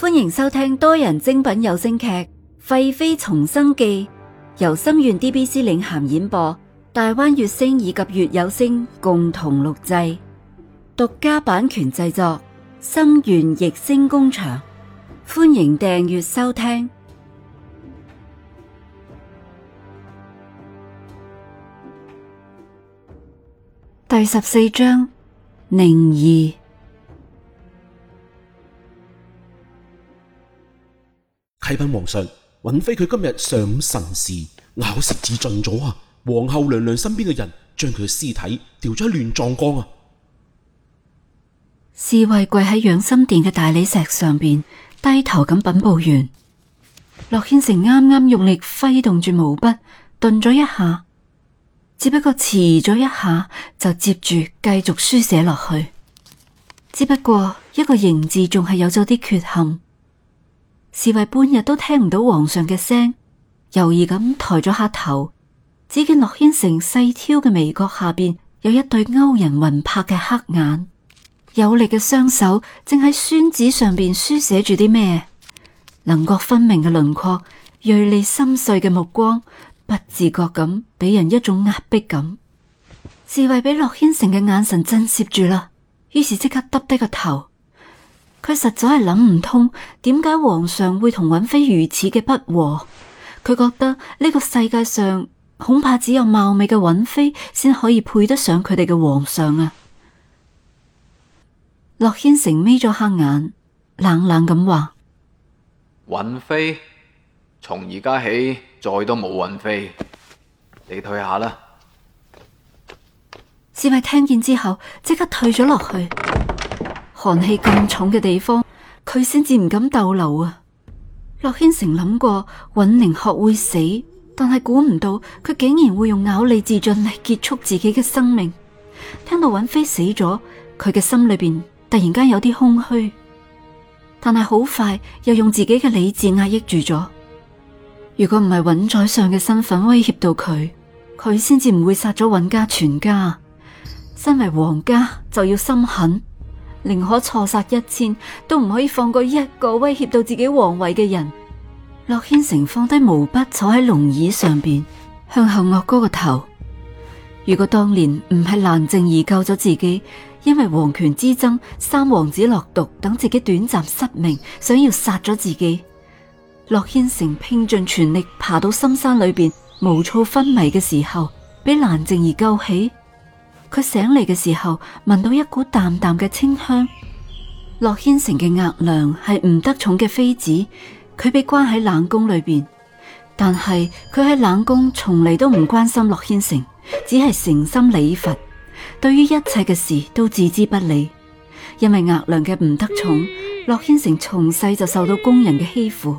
歡迎收聽多人精品有聲劇《廢妃重生記》，由心願 DBC 領銜演播，大灣悅聲以及悅有聲共同錄製，獨家版權製作，心願逸聲工場。歡迎訂閱收聽。第十四章檸兒。啟稟皇上，允妃，佢今日上午辰時咬舌自盡咗啊！皇后娘娘身邊嘅人將佢嘅屍體掉咗喺亂葬崗啊！侍衛跪喺養心殿嘅大理石上邊，低頭咁稟報完。樂軒成啱啱用力揮動住毛筆，頓咗一下，只不過遲咗一下，就接住繼續書寫落去。只不過一個形字仲係有咗啲缺陷。侍衛半日都聽唔到皇上嘅聲，猶豫咁抬咗下頭，只見洛軒成細挑嘅眉角下邊有一對勾人魂魄嘅黑眼，有力嘅雙手正喺宣紙上邊書寫住啲咩，稜角分明嘅輪廓、銳利深邃嘅目光，不自覺咁俾人一種壓迫感。侍衛俾洛軒成嘅眼神震懾住啦，於是即刻耷低個頭。佢實在係諗唔通，點解皇上會同允妃如此嘅不和？佢覺得呢個世界上恐怕只有貌美嘅允妃先可以配得上佢哋嘅皇上啊！洛軒成眯咗黑眼，冷冷咁話：允妃，從而家起再都冇允妃，你退下啦！侍衛聽見之後，即刻退咗落去。寒氣咁重嘅地方，佢先至唔敢逗留啊！洛軒成諗過尹寧鶴會死，但係估唔到佢竟然會用咬脷自盡嚟結束自己嘅生命。聽到尹妃死咗，佢嘅心裏邊突然間有啲空虛，但係好快又用自己嘅理智壓抑住咗。如果唔係尹宰相嘅身份威脅到佢，佢先至唔會殺咗尹家全家。身為皇家就要心狠。寧可錯殺一千，都唔可以放過一個威脅到自己皇位嘅人。洛軒成放低毛筆，坐喺龍椅上邊，向後岳高個頭。如果當年唔係蘭靜兒救咗自己，因為皇權之爭、三王子落毒等，自己短暫失明，想要殺咗自己。洛軒成拼盡全力爬到深山裏邊，無措昏迷嘅時候，俾蘭靜兒救起。佢醒嚟嘅時候，聞到一股淡淡嘅清香。洛軒城嘅額娘係唔得寵嘅妃子，佢被關喺冷宮裏邊。但係佢喺冷宮，從嚟都唔關心洛軒城，只係誠心禮佛，對於一切嘅事都置之不理。因為額娘嘅唔得寵，洛軒城從細就受到工人嘅欺負。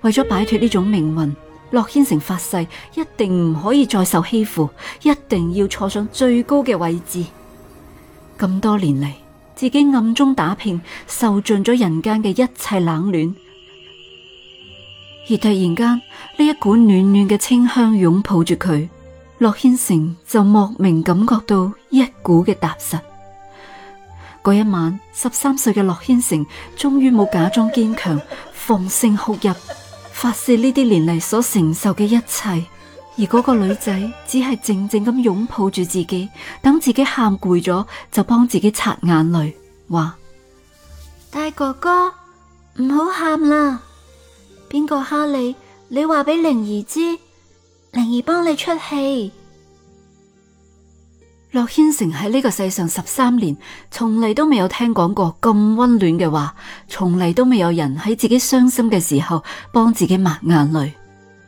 為咗擺脫呢種命運。洛軒城發誓，一定唔可以再受欺負，一定要坐上最高嘅位置。咁多年嚟，自己暗中打拼，受盡咗人間嘅一切冷暖，而突然間呢一股暖暖嘅清香擁抱住佢，洛軒城就莫名感覺到一股嘅踏實。嗰一晚，十三歲嘅洛軒城終於冇假裝堅強，放聲哭泣。發泄呢啲年嚟所承受嘅一切，而嗰個女仔只係靜靜咁擁抱住自己，等自己喊攰咗就幫自己擦眼淚，話：大哥哥唔好喊啦，邊個蝦你？你話俾檸兒知，檸兒幫你出氣。洛軒城喺呢個世上十三年，從嚟都未有聽講過咁温暖嘅話，從嚟都未有人喺自己傷心嘅時候幫自己抹眼淚，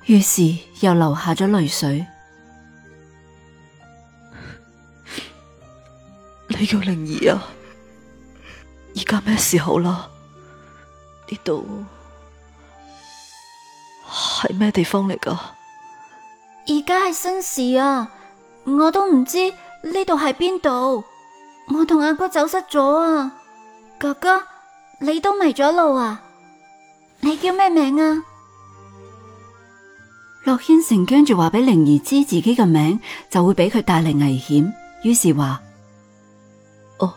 於是又流下咗淚水。你叫檸兒啊？而家咩時候啦？呢度係咩地方嚟㗎？而家係新市啊，我都唔知。呢度係邊度？我同阿哥走失咗啊！哥哥，你都迷咗路啊？你叫咩名啊？洛軒成驚住話俾檸兒知自己嘅名就會俾佢帶嚟危險，於是話：哦，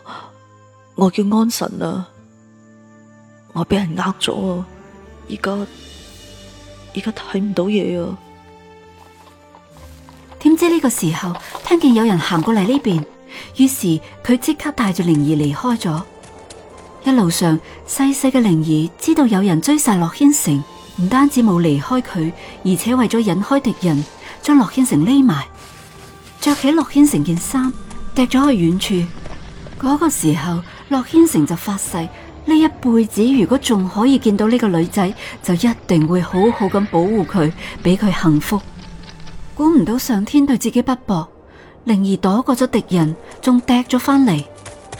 我叫安神啊！我俾人呃咗啊！而家而家睇唔到嘢啊！點知呢個時候聽見有人行過嚟呢邊，於是佢即刻帶住檸兒離開咗。一路上細細嘅檸兒知道有人追殺洛軒成，唔單止冇離開佢，而且為咗引開敵人，將洛軒成匿埋，着起洛軒成件衫，掟咗去遠處。嗰、那個時候，洛軒成就發誓：呢一輩子如果仲可以見到呢個女仔，就一定會好好咁保護佢，俾佢幸福。估唔到上天對自己不薄，檸兒躲過咗敵人，仲掟咗翻嚟。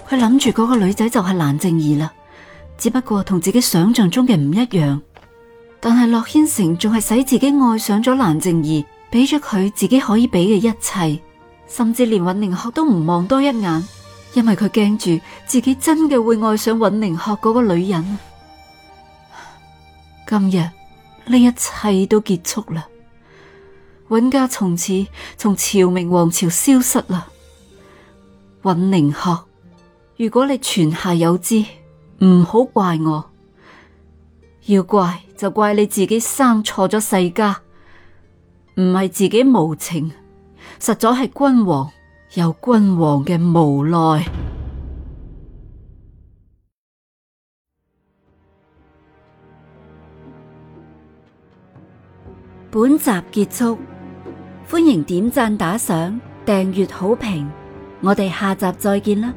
佢諗住嗰個女仔就係藍靜兒啦，只不過同自己想象中嘅唔一樣。但係洛軒成仲係使自己愛上咗藍靜兒，俾咗佢自己可以俾嘅一切，甚至連尹寧鶴都唔望多一眼，因為佢驚住自己真嘅會愛上尹寧鶴嗰個女人。今日呢一切都結束啦。尹家從此從朝明王朝消失啦，尹寧鶴，如果你泉下有知，唔好怪我，要怪就怪你自己生錯咗世家，唔係自己無情，實在係君王有君王嘅無奈。本集結束。歡迎點讚、打賞、訂閱、好評，我哋下集再見啦！